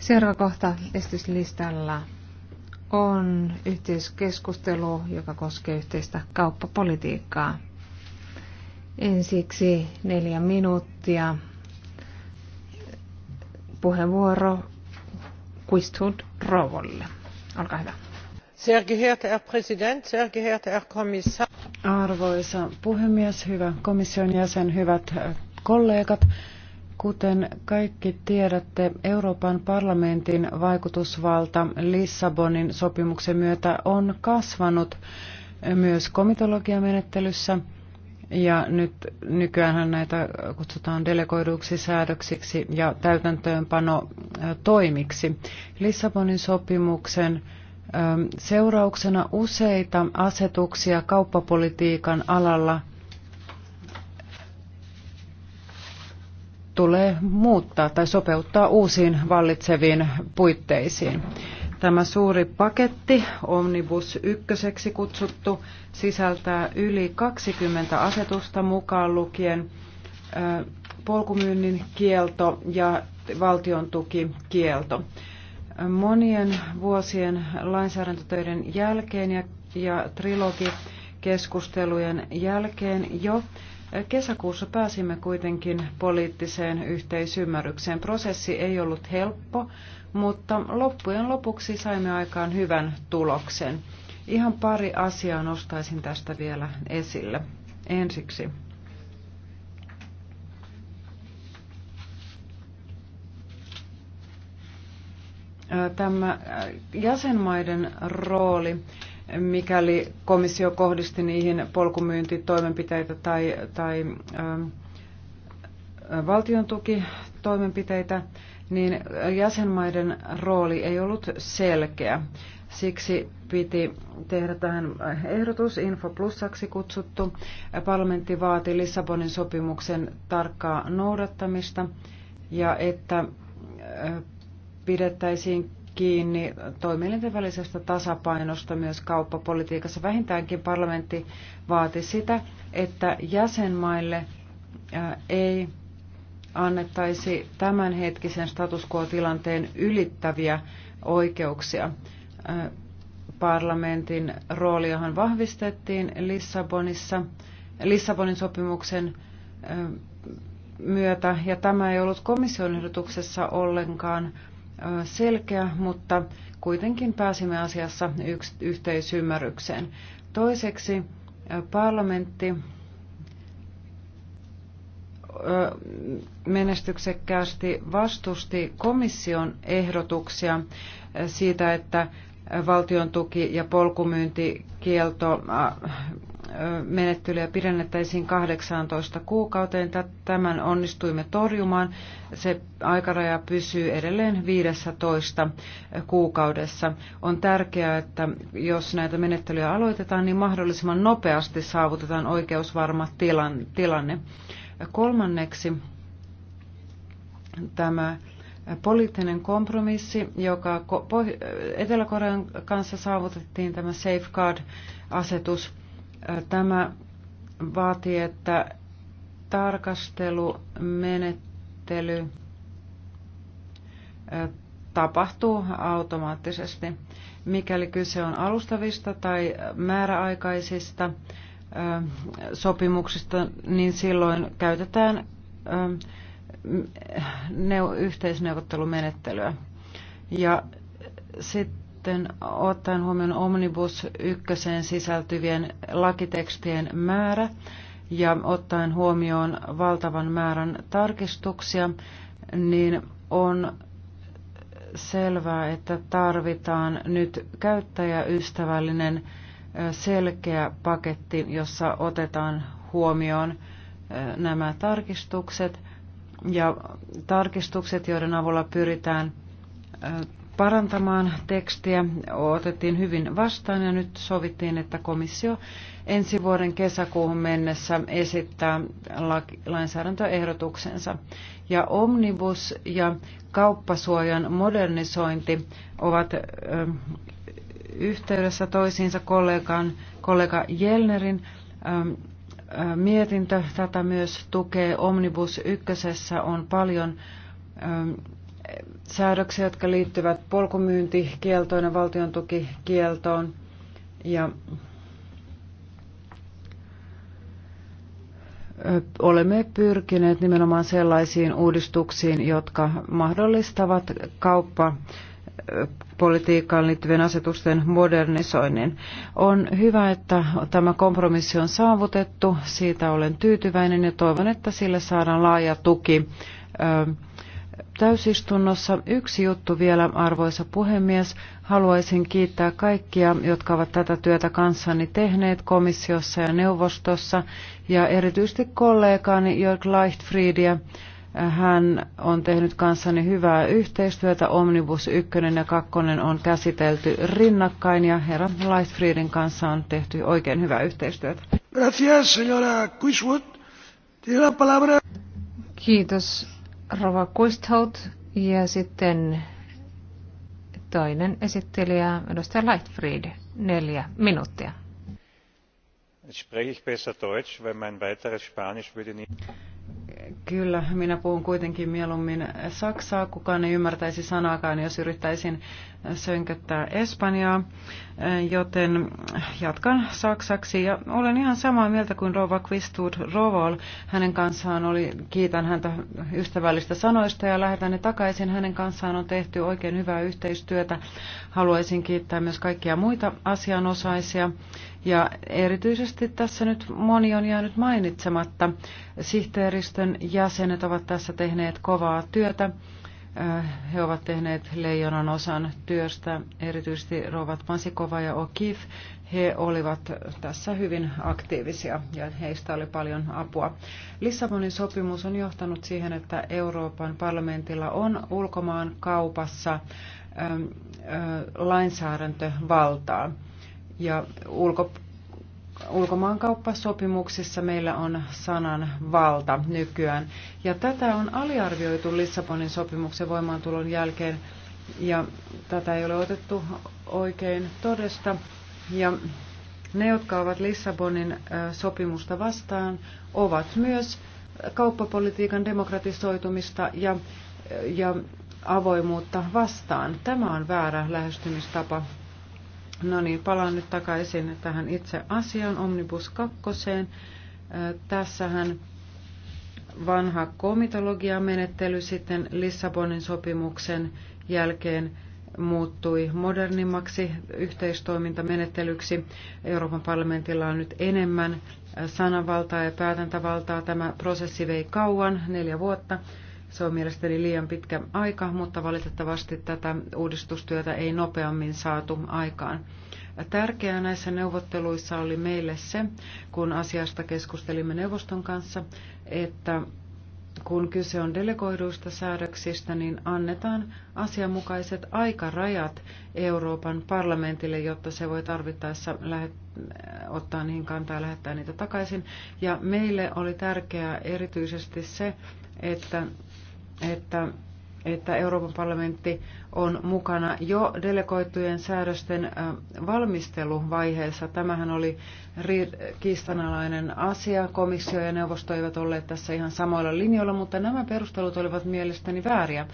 Seuraava kohta esityslistalla on yhteiskeskustelu, joka koskee yhteistä kauppapolitiikkaa. Ensiksi neljä minuuttia puheenvuoro Quisthud Rovolle. Olkaa hyvä. Sehr geehrter Herr Präsident, sehr geehrter Herr Kommissar. Arvoisa puhemies, hyvä komission jäsen, hyvät kollegat, kuten kaikki tiedätte, Euroopan parlamentin vaikutusvalta Lissabonin sopimuksen myötä on kasvanut myös komitologiamenettelyssä. Ja nyt nykyään näitä kutsutaan delegoiduksi säädöksiksi ja täytäntöönpano toimiksi. Lissabonin sopimuksen seurauksena useita asetuksia kauppapolitiikan alalla tulee muuttaa tai sopeuttaa uusiin vallitseviin puitteisiin. Tämä suuri paketti, Omnibus 1 kutsuttu, sisältää yli 20 asetusta mukaan lukien polkumyynnin kielto ja valtion tukikielto. Monien vuosien lainsäädäntötöiden jälkeen ja, ja trilogikeskustelujen jälkeen jo Kesäkuussa pääsimme kuitenkin poliittiseen yhteisymmärrykseen. Prosessi ei ollut helppo, mutta loppujen lopuksi saimme aikaan hyvän tuloksen. Ihan pari asiaa nostaisin tästä vielä esille. Ensiksi. Tämä jäsenmaiden rooli mikäli komissio kohdisti niihin polkumyyntitoimenpiteitä tai, tai ähm, valtion tukitoimenpiteitä, niin jäsenmaiden rooli ei ollut selkeä. Siksi piti tehdä tähän ehdotus, Info Plusaksi kutsuttu. Parlamentti vaati Lissabonin sopimuksen tarkkaa noudattamista ja että äh, pidettäisiin kiinni toimielinten välisestä tasapainosta myös kauppapolitiikassa. Vähintäänkin parlamentti vaati sitä, että jäsenmaille äh, ei annettaisi tämänhetkisen status quo-tilanteen ylittäviä oikeuksia. Äh, parlamentin rooliahan vahvistettiin Lissabonissa, Lissabonin sopimuksen äh, myötä, ja tämä ei ollut komission ehdotuksessa ollenkaan selkeä, mutta kuitenkin pääsimme asiassa yks, yhteisymmärrykseen. Toiseksi parlamentti menestyksekkäästi vastusti komission ehdotuksia siitä, että valtion tuki- ja polkumyyntikielto äh, äh, menettelyä pidennettäisiin 18 kuukauteen. Tämän onnistuimme torjumaan. Se aikaraja pysyy edelleen 15 kuukaudessa. On tärkeää, että jos näitä menettelyjä aloitetaan, niin mahdollisimman nopeasti saavutetaan oikeusvarma tilanne. Kolmanneksi tämä poliittinen kompromissi, joka Etelä-Korean kanssa saavutettiin, tämä Safeguard-asetus. Tämä vaatii, että tarkastelumenettely tapahtuu automaattisesti, mikäli kyse on alustavista tai määräaikaisista sopimuksista, niin silloin käytetään yhteisneuvottelumenettelyä. Ja sitten ottaen huomioon Omnibus ykköseen sisältyvien lakitekstien määrä ja ottaen huomioon valtavan määrän tarkistuksia, niin on selvää, että tarvitaan nyt käyttäjäystävällinen selkeä paketti, jossa otetaan huomioon nämä tarkistukset ja tarkistukset, joiden avulla pyritään parantamaan tekstiä, otettiin hyvin vastaan ja nyt sovittiin, että komissio ensi vuoden kesäkuuhun mennessä esittää lainsäädäntöehdotuksensa. Ja omnibus ja kauppasuojan modernisointi ovat yhteydessä toisiinsa kollegan, kollega Jelnerin mietintö tätä myös tukee. Omnibus ykkösessä on paljon säädöksiä, jotka liittyvät polkumyyntikieltoon ja valtiontukikieltoon. Ja olemme pyrkineet nimenomaan sellaisiin uudistuksiin, jotka mahdollistavat kauppa politiikkaan liittyvien asetusten modernisoinnin. On hyvä, että tämä kompromissi on saavutettu. Siitä olen tyytyväinen ja toivon, että sille saadaan laaja tuki täysistunnossa. Yksi juttu vielä, arvoisa puhemies. Haluaisin kiittää kaikkia, jotka ovat tätä työtä kanssani tehneet komissiossa ja neuvostossa, ja erityisesti kollegaani Jörg Leichtfriedia, hän on tehnyt kanssani hyvää yhteistyötä. Omnibus 1 ja 2 on käsitelty rinnakkain ja herra Lightfriedin kanssa on tehty oikein hyvää yhteistyötä. Gracias, señora Quiswood. Tiene la palabra. Kiitos, Rova Quisthout. Ja sitten toinen esittelijä, edustaja Lightfried, neljä minuuttia. Jetzt spreche ich besser Deutsch, weil mein weiteres Spanisch würde nicht... Kyllä, minä puhun kuitenkin mieluummin saksaa. Kukaan ei ymmärtäisi sanaakaan, jos yrittäisin sönköttää Espanjaa, eh, joten jatkan saksaksi. Ja olen ihan samaa mieltä kuin Rova Quistud Rovol. Hänen kanssaan oli, kiitän häntä ystävällistä sanoista ja lähetän ne takaisin. Hänen kanssaan on tehty oikein hyvää yhteistyötä. Haluaisin kiittää myös kaikkia muita asianosaisia. Ja erityisesti tässä nyt moni on jäänyt mainitsematta. Sihteeristön jäsenet ovat tässä tehneet kovaa työtä. Äh, he ovat tehneet leijonan osan työstä, erityisesti Rovat Pansikova ja Okif. He olivat tässä hyvin aktiivisia ja heistä oli paljon apua. Lissabonin sopimus on johtanut siihen, että Euroopan parlamentilla on ulkomaan kaupassa äh, lainsäädäntövaltaa. Ja ulko, ulkomaankauppasopimuksissa meillä on sanan valta nykyään. Ja tätä on aliarvioitu Lissabonin sopimuksen voimaantulon jälkeen ja tätä ei ole otettu oikein todesta. Ja ne, jotka ovat Lissabonin sopimusta vastaan, ovat myös kauppapolitiikan demokratisoitumista ja, ja avoimuutta vastaan. Tämä on väärä lähestymistapa No niin, palaan nyt takaisin tähän itse asiaan, Omnibus 2. Tässähän vanha komitologiamenettely sitten Lissabonin sopimuksen jälkeen muuttui modernimmaksi yhteistoimintamenettelyksi. Euroopan parlamentilla on nyt enemmän sananvaltaa ja päätäntävaltaa. Tämä prosessi vei kauan, neljä vuotta se on mielestäni liian pitkä aika, mutta valitettavasti tätä uudistustyötä ei nopeammin saatu aikaan. Tärkeää näissä neuvotteluissa oli meille se, kun asiasta keskustelimme neuvoston kanssa, että kun kyse on delegoiduista säädöksistä, niin annetaan asianmukaiset aikarajat Euroopan parlamentille, jotta se voi tarvittaessa lähet- ottaa niihin kantaa ja lähettää niitä takaisin. Ja meille oli tärkeää erityisesti se, että että, että Euroopan parlamentti on mukana jo delegoitujen säädösten valmisteluvaiheessa. Tämähän oli kiistanalainen asia. Komissio ja neuvosto eivät olleet tässä ihan samoilla linjoilla, mutta nämä perustelut olivat mielestäni vääriä.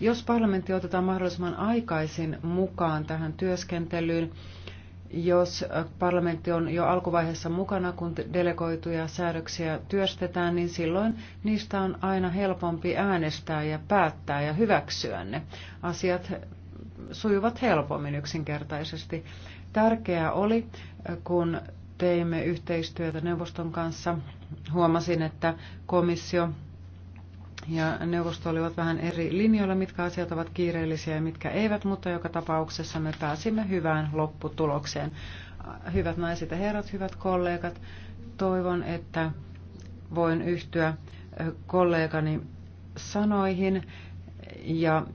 Jos parlamentti otetaan mahdollisimman aikaisin mukaan tähän työskentelyyn, jos äh, parlamentti on jo alkuvaiheessa mukana, kun delegoituja säädöksiä työstetään, niin silloin niistä on aina helpompi äänestää ja päättää ja hyväksyä ne. Asiat sujuvat helpommin yksinkertaisesti. Tärkeää oli, äh, kun teimme yhteistyötä neuvoston kanssa, huomasin, että komissio ja neuvosto olivat vähän eri linjoilla, mitkä asiat ovat kiireellisiä ja mitkä eivät, mutta joka tapauksessa me pääsimme hyvään lopputulokseen. Hyvät naiset ja herrat, hyvät kollegat, toivon, että voin yhtyä kollegani sanoihin ja,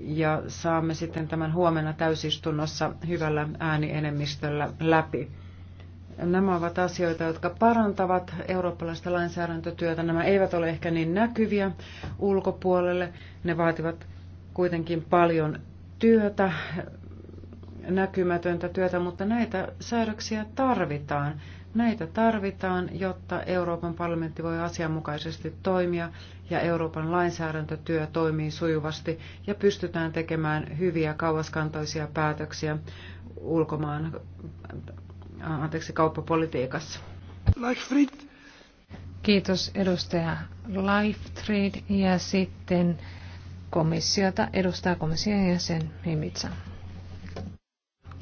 ja saamme sitten tämän huomenna täysistunnossa hyvällä äänienemmistöllä läpi. Nämä ovat asioita, jotka parantavat eurooppalaista lainsäädäntötyötä. Nämä eivät ole ehkä niin näkyviä ulkopuolelle. Ne vaativat kuitenkin paljon työtä, näkymätöntä työtä, mutta näitä säädöksiä tarvitaan. Näitä tarvitaan, jotta Euroopan parlamentti voi asianmukaisesti toimia ja Euroopan lainsäädäntötyö toimii sujuvasti ja pystytään tekemään hyviä kauaskantoisia päätöksiä ulkomaan anteeksi, kauppapolitiikassa. Leichfried. Kiitos edustaja Leifried ja sitten komissiota edustaa komission jäsen Mimitsa.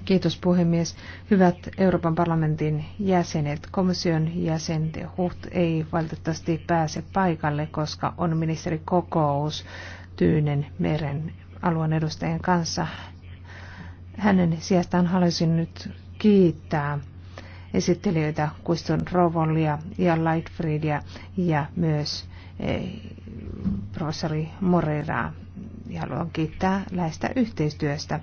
Kiitos puhemies. Hyvät Euroopan parlamentin jäsenet, komission jäsen Huht ei valitettavasti pääse paikalle, koska on ministeri kokous Tyynen meren alueen edustajien kanssa. Hänen sijastaan haluaisin nyt kiittää esittelijöitä Kuston Rovolia ja Lightfriedia ja myös eh, professori Moreraa. Ja haluan kiittää läistä yhteistyöstä.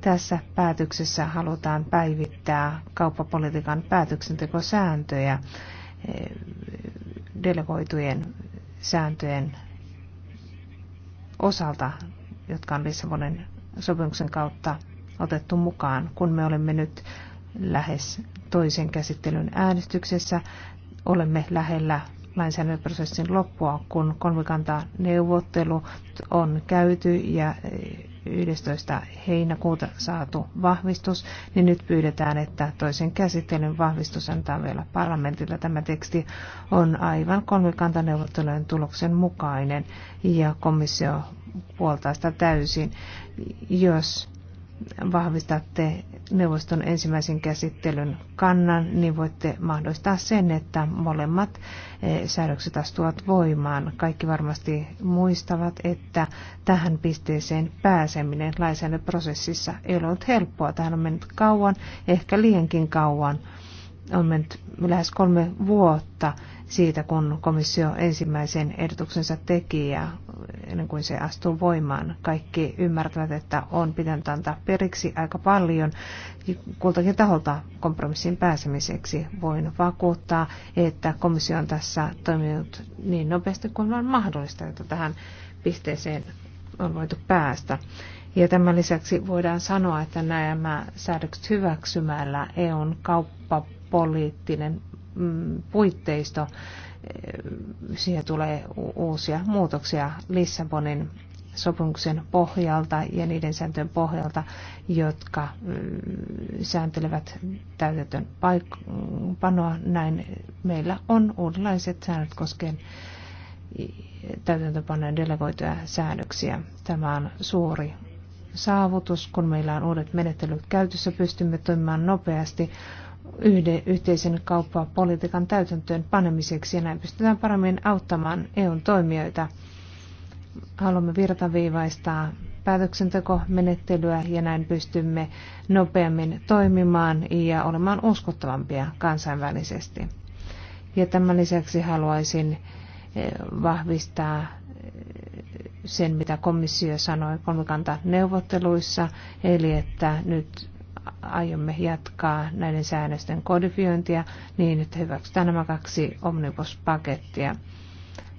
Tässä päätöksessä halutaan päivittää kauppapolitiikan päätöksentekosääntöjä eh, delegoitujen sääntöjen osalta, jotka on Lissabonin sopimuksen kautta otettu mukaan. Kun me olemme nyt lähes toisen käsittelyn äänestyksessä. Olemme lähellä lainsäädäntöprosessin loppua, kun kolmikanta neuvottelu on käyty ja 11. Eh, heinäkuuta saatu vahvistus, niin nyt pyydetään, että toisen käsittelyn vahvistus antaa vielä parlamentilla Tämä teksti on aivan kolmikantaneuvottelujen tuloksen mukainen ja komissio puoltaa sitä täysin. Jos vahvistatte neuvoston ensimmäisen käsittelyn kannan, niin voitte mahdollistaa sen, että molemmat eh, säädökset astuvat voimaan. Kaikki varmasti muistavat, että tähän pisteeseen pääseminen lainsäädäntöprosessissa ei ollut helppoa. Tähän on mennyt kauan, ehkä liiankin kauan on mennyt lähes kolme vuotta siitä, kun komissio ensimmäisen ehdotuksensa teki ja ennen kuin se astuu voimaan. Kaikki ymmärtävät, että on pitänyt antaa periksi aika paljon kultakin taholta kompromissin pääsemiseksi. Voin vakuuttaa, että komissio on tässä toiminut niin nopeasti kuin vain mahdollista, että tähän pisteeseen on voitu päästä. Ja tämän lisäksi voidaan sanoa, että nämä säädökset hyväksymällä EUn kauppapoliittinen mm, puitteisto, eh, siihen tulee uusia muutoksia Lissabonin sopimuksen pohjalta ja niiden sääntöjen pohjalta, jotka mm, sääntelevät täytetön panoa. Näin meillä on uudenlaiset säännöt koskien eh, täytäntöpanojen delegoituja säännöksiä. Tämä on suuri saavutus, kun meillä on uudet menettelyt käytössä, pystymme toimimaan nopeasti yhden yhteisen kauppapolitiikan täytäntöön panemiseksi ja näin pystytään paremmin auttamaan EUn toimijoita. Haluamme virtaviivaistaa päätöksentekomenettelyä ja näin pystymme nopeammin toimimaan ja olemaan uskottavampia kansainvälisesti. Ja tämän lisäksi haluaisin eh, vahvistaa sen, mitä komissio sanoi kolmikanta neuvotteluissa, eli että nyt aiomme jatkaa näiden säännösten kodifiointia niin, että hyväksytään nämä kaksi omnibuspakettia.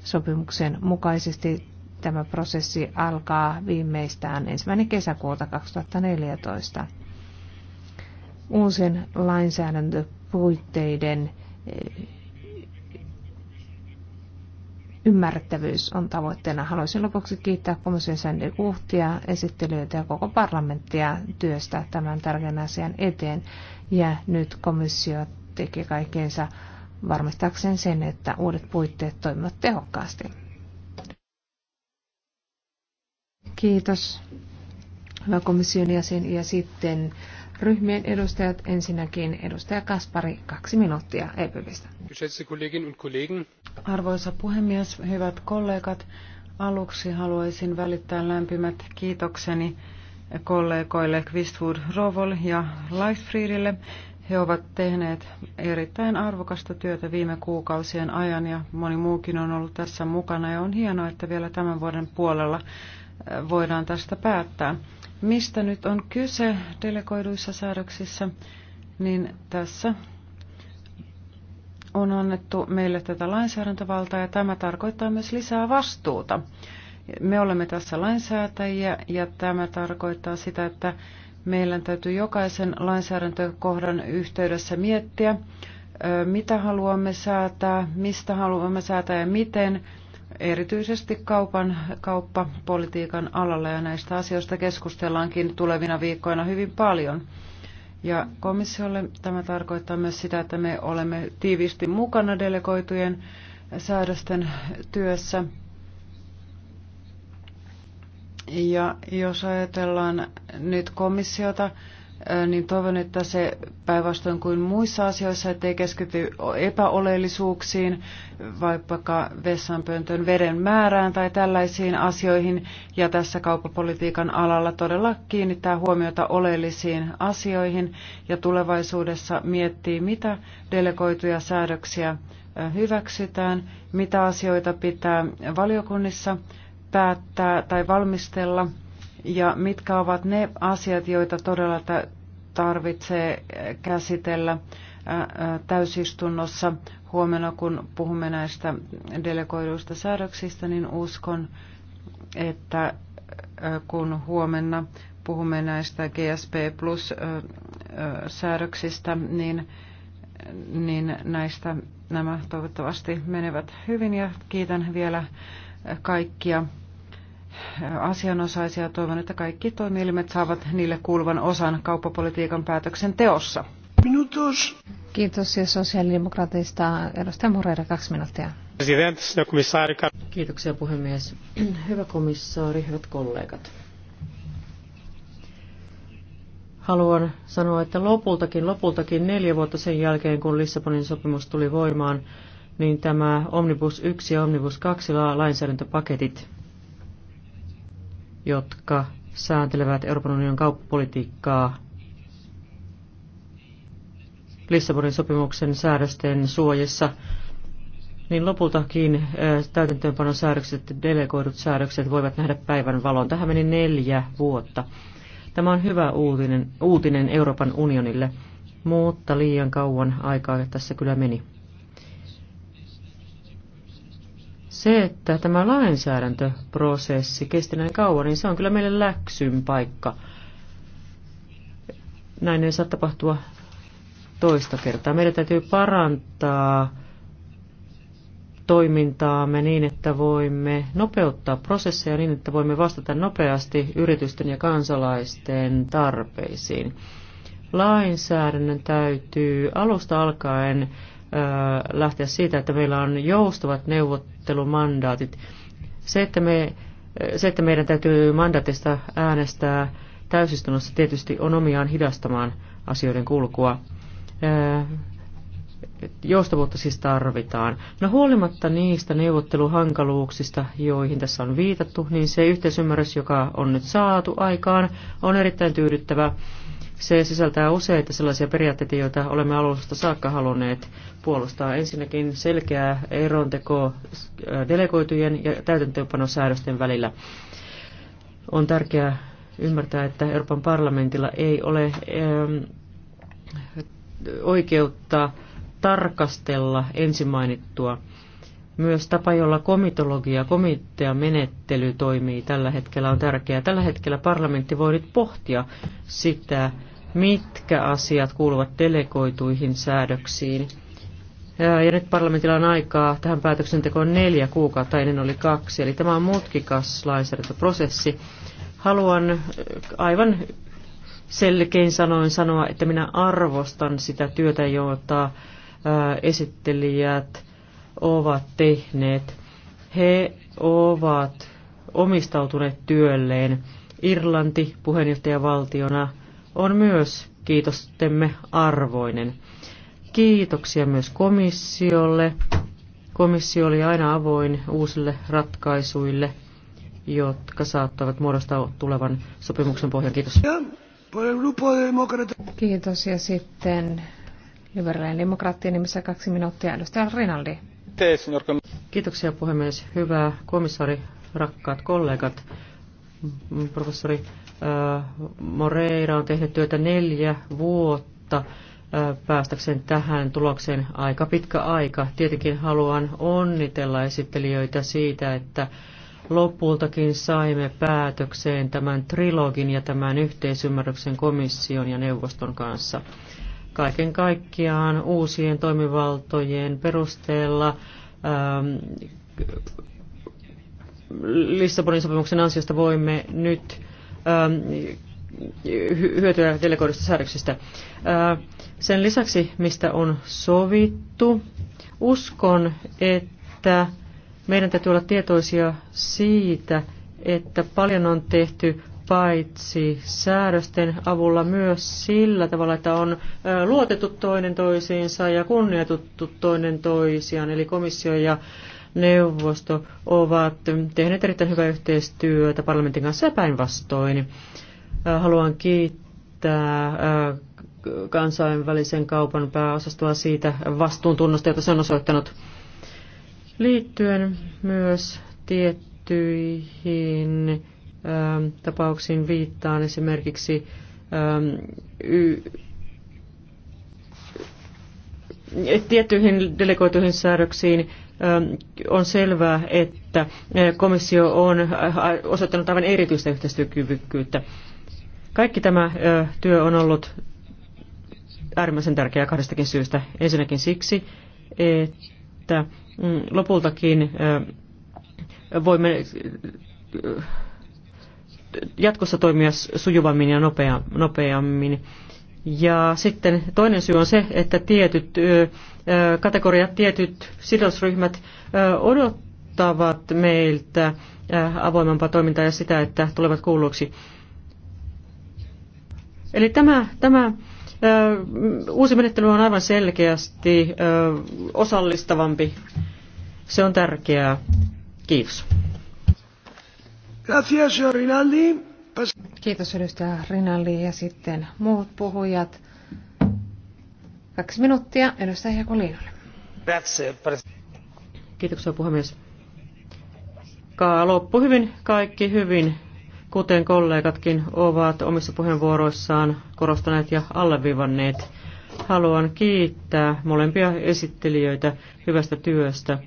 Sopimuksen mukaisesti tämä prosessi alkaa viimeistään ensimmäinen kesäkuuta 2014. Uusien lainsäädäntöpuitteiden ymmärrettävyys on tavoitteena. Haluaisin lopuksi kiittää komission Sandy Kuhtia, esittelyitä ja koko parlamenttia työstä tämän tärkeän asian eteen. Ja nyt komissio teki kaikkeensa varmistaakseen sen, että uudet puitteet toimivat tehokkaasti. Kiitos, hyvä komission jäsen. Ja sitten ryhmien edustajat. Ensinnäkin edustaja Kaspari, kaksi minuuttia EPVstä. Arvoisa puhemies, hyvät kollegat, aluksi haluaisin välittää lämpimät kiitokseni kollegoille Quistwood Rovol ja Lightfriedille. He ovat tehneet erittäin arvokasta työtä viime kuukausien ajan ja moni muukin on ollut tässä mukana ja on hienoa, että vielä tämän vuoden puolella voidaan tästä päättää mistä nyt on kyse delegoiduissa säädöksissä, niin tässä on annettu meille tätä lainsäädäntövaltaa ja tämä tarkoittaa myös lisää vastuuta. Me olemme tässä lainsäätäjiä ja tämä tarkoittaa sitä, että meillä täytyy jokaisen lainsäädäntökohdan yhteydessä miettiä, mitä haluamme säätää, mistä haluamme säätää ja miten erityisesti kaupan, kauppapolitiikan alalla ja näistä asioista keskustellaankin tulevina viikkoina hyvin paljon. Ja komissiolle tämä tarkoittaa myös sitä, että me olemme tiiviisti mukana delegoitujen säädösten työssä. Ja jos ajatellaan nyt komissiota, niin toivon, että se päinvastoin kuin muissa asioissa, ettei keskity epäoleellisuuksiin, vaikka vessanpöntön veden määrään tai tällaisiin asioihin, ja tässä kauppapolitiikan alalla todella kiinnittää huomiota oleellisiin asioihin, ja tulevaisuudessa miettii, mitä delegoituja säädöksiä hyväksytään, mitä asioita pitää valiokunnissa päättää tai valmistella – ja mitkä ovat ne asiat, joita todella tarvitsee äh, käsitellä äh, äh, täysistunnossa huomenna, kun puhumme näistä delegoiduista säädöksistä, niin uskon, että kun huomenna puhumme näistä GSP Plus-säädöksistä, niin, niin näistä nämä toivottavasti menevät hyvin ja kiitän vielä kaikkia asianosaisia. Toivon, että kaikki toimielimet saavat niille kuuluvan osan kauppapolitiikan päätöksenteossa. Minutos. Kiitos ja sosiaalidemokraateista. Edustaja Moreira, kaksi minuuttia. Kiitoksia puhemies. Hyvä komissaari, hyvät kollegat. Haluan sanoa, että lopultakin, lopultakin neljä vuotta sen jälkeen, kun Lissabonin sopimus tuli voimaan, niin tämä Omnibus 1 ja Omnibus 2 lainsäädäntöpaketit jotka sääntelevät Euroopan unionin kauppapolitiikkaa Lissabonin sopimuksen säädösten suojessa niin lopultakin täytäntöönpanon säädökset, delegoidut säädökset voivat nähdä päivän valon. Tähän meni neljä vuotta. Tämä on hyvä uutinen, uutinen Euroopan unionille, mutta liian kauan aikaa tässä kyllä meni. Se, että tämä lainsäädäntöprosessi kesti näin kauan, niin se on kyllä meille läksyn paikka. Näin ei saa tapahtua toista kertaa. Meidän täytyy parantaa toimintaamme niin, että voimme nopeuttaa prosesseja niin, että voimme vastata nopeasti yritysten ja kansalaisten tarpeisiin. Lainsäädännön täytyy alusta alkaen Äh, lähteä siitä, että meillä on joustavat neuvottelumandaatit. Se, että, me, äh, se, että meidän täytyy mandaatista äänestää täysistunnossa tietysti on omiaan hidastamaan asioiden kulkua. Äh, joustavuutta siis tarvitaan. No huolimatta niistä neuvotteluhankaluuksista, joihin tässä on viitattu, niin se yhteisymmärrys, joka on nyt saatu aikaan, on erittäin tyydyttävä se sisältää useita sellaisia periaatteita, joita olemme alusta saakka halunneet puolustaa. Ensinnäkin selkeää eronteko äh, delegoitujen ja täytäntöönpanosäädösten välillä. On tärkeää ymmärtää, että Euroopan parlamentilla ei ole ähm, oikeutta tarkastella mainittua. Myös tapa, jolla komitologia, komiteamenettely toimii tällä hetkellä on tärkeää. Tällä hetkellä parlamentti voi nyt pohtia sitä, mitkä asiat kuuluvat delegoituihin säädöksiin. Ja nyt parlamentilla on aikaa tähän päätöksentekoon neljä kuukautta, ennen oli kaksi, eli tämä on mutkikas lainsäädäntöprosessi. Haluan aivan selkein sanoin sanoa, että minä arvostan sitä työtä, jota esittelijät ovat tehneet. He ovat omistautuneet työlleen. Irlanti puheenjohtajavaltiona on myös kiitostemme arvoinen. Kiitoksia myös komissiolle. Komissio oli aina avoin uusille ratkaisuille, jotka saattavat muodostaa tulevan sopimuksen pohjan. Kiitos. Kiitos ja sitten Liberalien demokraattien nimissä kaksi minuuttia. Edustaja Rinaldi. Kiitoksia puhemies. Hyvää komissaari, rakkaat kollegat. Professori Moreira on tehnyt työtä neljä vuotta päästäkseen tähän tulokseen aika pitkä aika. Tietenkin haluan onnitella esittelijöitä siitä, että lopultakin saimme päätökseen tämän trilogin ja tämän yhteisymmärryksen komission ja neuvoston kanssa. Kaiken kaikkiaan uusien toimivaltojen perusteella ähm, Lissabonin sopimuksen ansiosta voimme nyt Ähm, hyötyä delegoidusta säädöksestä. Äh, sen lisäksi, mistä on sovittu, uskon, että meidän täytyy olla tietoisia siitä, että paljon on tehty paitsi säädösten avulla myös sillä tavalla, että on äh, luotettu toinen toisiinsa ja kunnioitettu toinen toisiaan, eli komissio ja neuvosto ovat tehneet erittäin hyvää yhteistyötä parlamentin kanssa ja päinvastoin. Äh, haluan kiittää äh, kansainvälisen kaupan pääosastoa siitä vastuuntunnosta, jota se on osoittanut liittyen myös tiettyihin ähm, tapauksiin viittaan esimerkiksi ähm, tiettyihin delegoituihin säädöksiin on selvää, että komissio on osoittanut aivan erityistä yhteistyökyvykkyyttä. Kaikki tämä työ on ollut äärimmäisen tärkeää kahdestakin syystä. Ensinnäkin siksi, että mm, lopultakin voimme jatkossa toimia sujuvammin ja nopeammin. Ja sitten toinen syy on se, että tietyt kategoriat, tietyt sidosryhmät odottavat meiltä avoimempaa toimintaa ja sitä, että tulevat kuulluksi. Eli tämä, tämä uusi menettely on aivan selkeästi osallistavampi. Se on tärkeää. Kiitos. Gracias, Rinaldi. Kiitos edustaja Rinalli ja sitten muut puhujat. Kaksi minuuttia edustaja Jakoliinolle. Kiitoksia puhemies. Kaa loppu hyvin, kaikki hyvin, kuten kollegatkin ovat omissa puheenvuoroissaan korostaneet ja alleviivanneet. Haluan kiittää molempia esittelijöitä hyvästä työstä.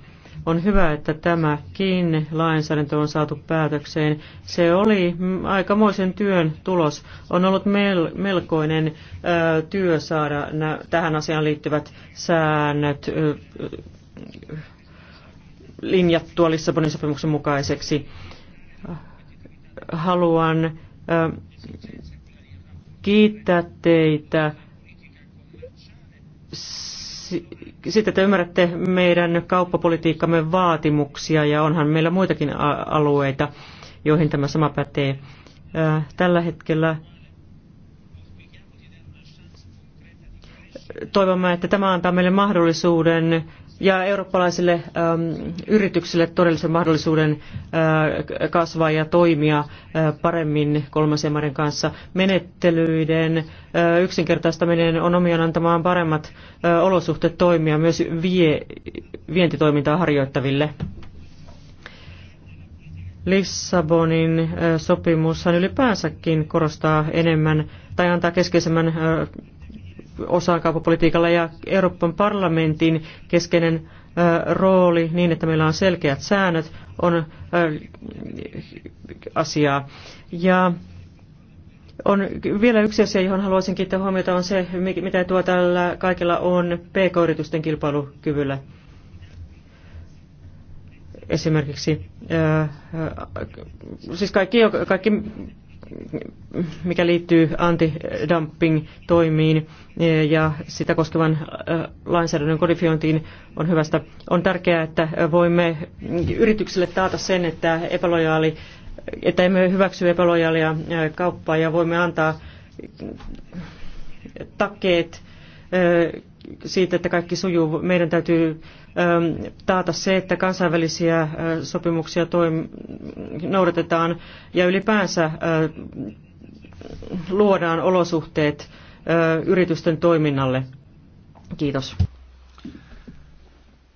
On hyvä, että tämäkin lainsäädäntö on saatu päätökseen. Se oli aikamoisen työn tulos. On ollut melkoinen työ saada tähän asiaan liittyvät säännöt linjattua Lissabonin sopimuksen mukaiseksi. Haluan kiittää teitä sitten te ymmärrätte meidän kauppapolitiikkamme vaatimuksia ja onhan meillä muitakin alueita, joihin tämä sama pätee. Tällä hetkellä toivomme, että tämä antaa meille mahdollisuuden ja eurooppalaisille äm, yrityksille todellisen mahdollisuuden äh, kasvaa ja toimia äh, paremmin kolmansien maiden kanssa. Menettelyiden äh, yksinkertaistaminen on omiaan antamaan paremmat olosuhteet toimia myös vie, vientitoimintaa harjoittaville. Lissabonin sopimushan ylipäänsäkin korostaa enemmän tai antaa keskeisemmän osaan kauppapolitiikalla ja Euroopan parlamentin keskeinen rooli niin, että meillä on selkeät säännöt, on asiaa. Ja on vielä yksi asia, johon haluaisin kiittää huomiota, on se, mitä tuo tällä kaikilla on pk-yritysten kilpailukyvyllä. Esimerkiksi, siis kaikki, kaikki mikä liittyy antidumping-toimiin e, ja sitä koskevan e, lainsäädännön kodifiointiin on hyvästä. On tärkeää, että voimme yrityksille taata sen, että, epälojaali, että emme hyväksy epälojaalia e, kauppaa ja voimme antaa takeet siitä, että kaikki sujuu. Meidän täytyy ähm, taata se, että kansainvälisiä äh, sopimuksia toim- noudatetaan ja ylipäänsä äh, luodaan olosuhteet äh, yritysten toiminnalle. Kiitos.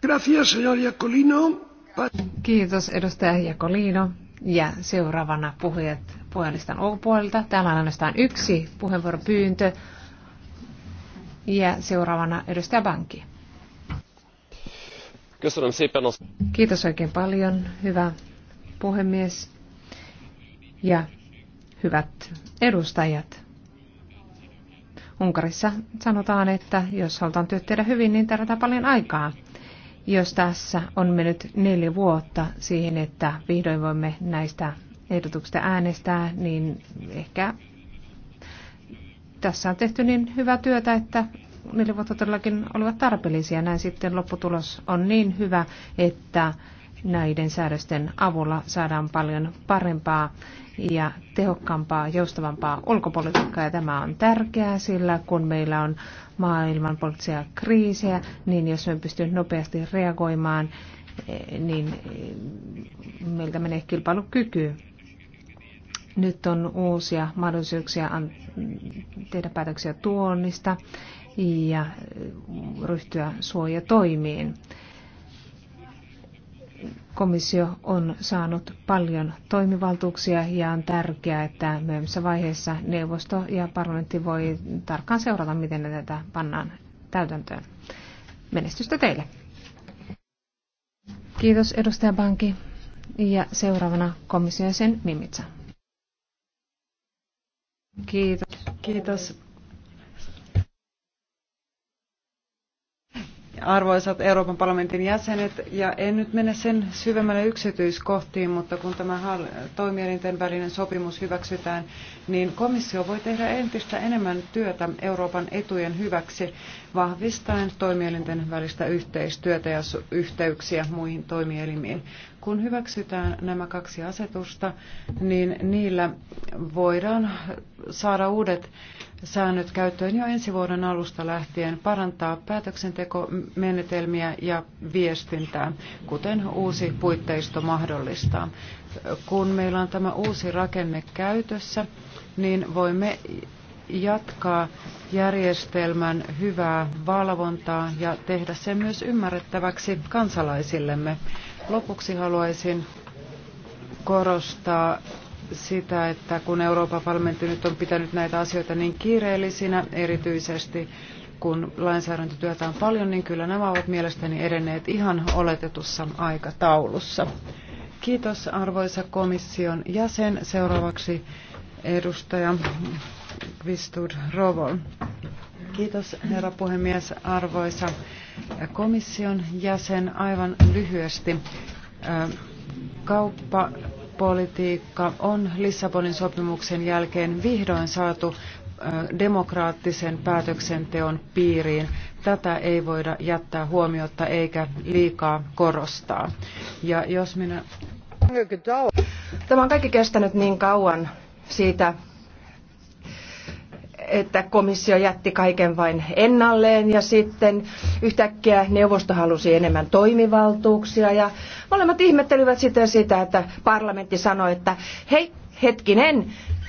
Gracias, Kiitos, edustaja Jakolino. Ja seuraavana puhujat puhelistan ulkopuolelta. Täällä on ainoastaan yksi puheenvuoropyyntö. Ja seuraavana edustaja Banki. Kiitos oikein paljon, hyvä puhemies ja hyvät edustajat. Unkarissa sanotaan, että jos halutaan työt tehdä hyvin, niin tarvitaan paljon aikaa. Jos tässä on mennyt neljä vuotta siihen, että vihdoin voimme näistä ehdotuksista äänestää, niin ehkä tässä on tehty niin hyvää työtä, että neljä vuotta todellakin olivat tarpeellisia. Näin sitten lopputulos on niin hyvä, että näiden säädösten avulla saadaan paljon parempaa ja tehokkaampaa, joustavampaa ulkopolitiikkaa. Ja tämä on tärkeää, sillä kun meillä on maailman poliittisia kriisejä, niin jos me pystymme nopeasti reagoimaan, niin meiltä menee kilpailukyky nyt on uusia mahdollisuuksia tehdä päätöksiä tuonnista ja ryhtyä suojatoimiin. Komissio on saanut paljon toimivaltuuksia ja on tärkeää, että myöhemmissä vaiheessa neuvosto ja parlamentti voi tarkkaan seurata, miten ne tätä pannaan täytäntöön. Menestystä teille! Kiitos edustaja Banki. Ja seuraavana komission sen Mimitsa. Kiitos. Kiitos. Arvoisat Euroopan parlamentin jäsenet, ja en nyt mene sen syvemmälle yksityiskohtiin, mutta kun tämä toimielinten välinen sopimus hyväksytään, niin komissio voi tehdä entistä enemmän työtä Euroopan etujen hyväksi vahvistaen toimielinten välistä yhteistyötä ja yhteyksiä muihin toimielimiin kun hyväksytään nämä kaksi asetusta, niin niillä voidaan saada uudet säännöt käyttöön jo ensi vuoden alusta lähtien, parantaa päätöksentekomenetelmiä ja viestintää, kuten uusi puitteisto mahdollistaa. Kun meillä on tämä uusi rakenne käytössä, niin voimme jatkaa järjestelmän hyvää valvontaa ja tehdä sen myös ymmärrettäväksi kansalaisillemme. Lopuksi haluaisin korostaa sitä, että kun Euroopan parlamentti nyt on pitänyt näitä asioita niin kiireellisinä, erityisesti kun lainsäädäntötyötä on paljon, niin kyllä nämä ovat mielestäni edenneet ihan oletetussa aikataulussa. Kiitos arvoisa komission jäsen. Seuraavaksi edustaja Vistud Rovol. Kiitos herra puhemies, arvoisa komission jäsen aivan lyhyesti. Kauppapolitiikka on Lissabonin sopimuksen jälkeen vihdoin saatu demokraattisen päätöksenteon piiriin. Tätä ei voida jättää huomiota eikä liikaa korostaa. Ja jos minä... Tämä on kaikki kestänyt niin kauan siitä että komissio jätti kaiken vain ennalleen ja sitten yhtäkkiä neuvosto halusi enemmän toimivaltuuksia ja molemmat ihmettelivät sitten sitä, että parlamentti sanoi, että hei hetkinen,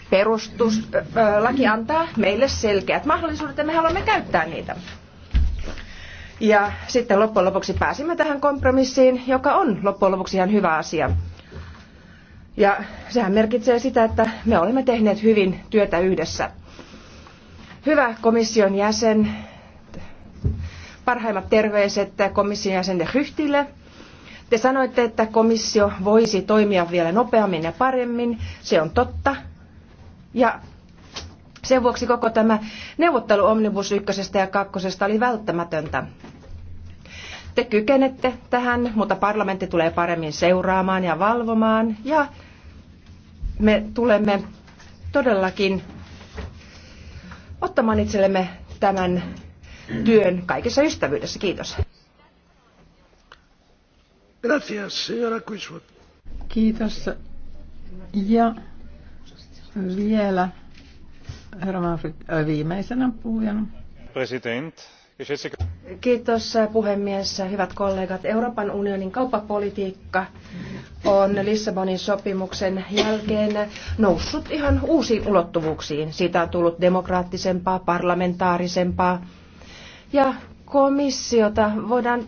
perustuslaki antaa meille selkeät mahdollisuudet ja me haluamme käyttää niitä. Ja sitten loppujen lopuksi pääsimme tähän kompromissiin, joka on loppujen lopuksi ihan hyvä asia. Ja sehän merkitsee sitä, että me olemme tehneet hyvin työtä yhdessä. Hyvä komission jäsen, parhaimmat terveiset komission jäsen Ryhtille. Te sanoitte, että komissio voisi toimia vielä nopeammin ja paremmin. Se on totta. Ja sen vuoksi koko tämä neuvottelu Omnibus ykkösestä ja kakkosesta oli välttämätöntä. Te kykenette tähän, mutta parlamentti tulee paremmin seuraamaan ja valvomaan ja me tulemme todellakin ottamaan itsellemme tämän työn kaikessa ystävyydessä. Kiitos. Kiitos. Ja vielä herra Manfred, äh, viimeisenä puhujana. President. Kiitos puhemies. Hyvät kollegat, Euroopan unionin kauppapolitiikka on Lissabonin sopimuksen jälkeen noussut ihan uusiin ulottuvuuksiin. Siitä on tullut demokraattisempaa, parlamentaarisempaa ja komissiota voidaan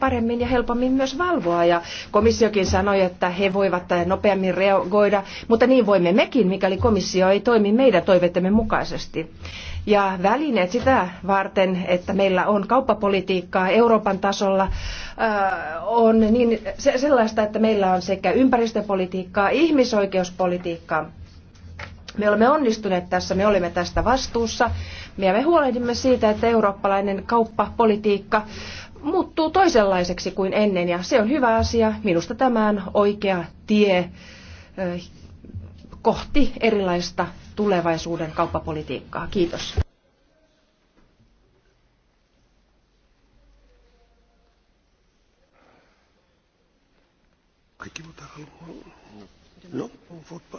paremmin ja helpommin myös valvoa. Ja komissiokin sanoi, että he voivat äh, nopeammin reagoida, mutta niin voimme mekin, mikäli komissio ei toimi meidän toiveittemme mukaisesti. Ja välineet sitä varten, että meillä on kauppapolitiikkaa Euroopan tasolla, äh, on niin sellaista, että meillä on sekä ympäristöpolitiikkaa, ihmisoikeuspolitiikkaa, me olemme onnistuneet tässä, me olimme tästä vastuussa ja me huolehdimme siitä, että eurooppalainen kauppapolitiikka muuttuu toisenlaiseksi kuin ennen ja se on hyvä asia. Minusta tämä on oikea tie kohti erilaista tulevaisuuden kauppapolitiikkaa. Kiitos. Kaikki, haluaa. No, no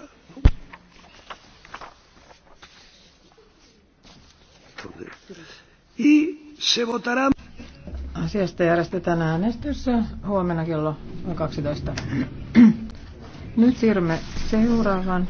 Asiasta järjestetään äänestys huomenna kello 12. Nyt siirrymme seuraavaan.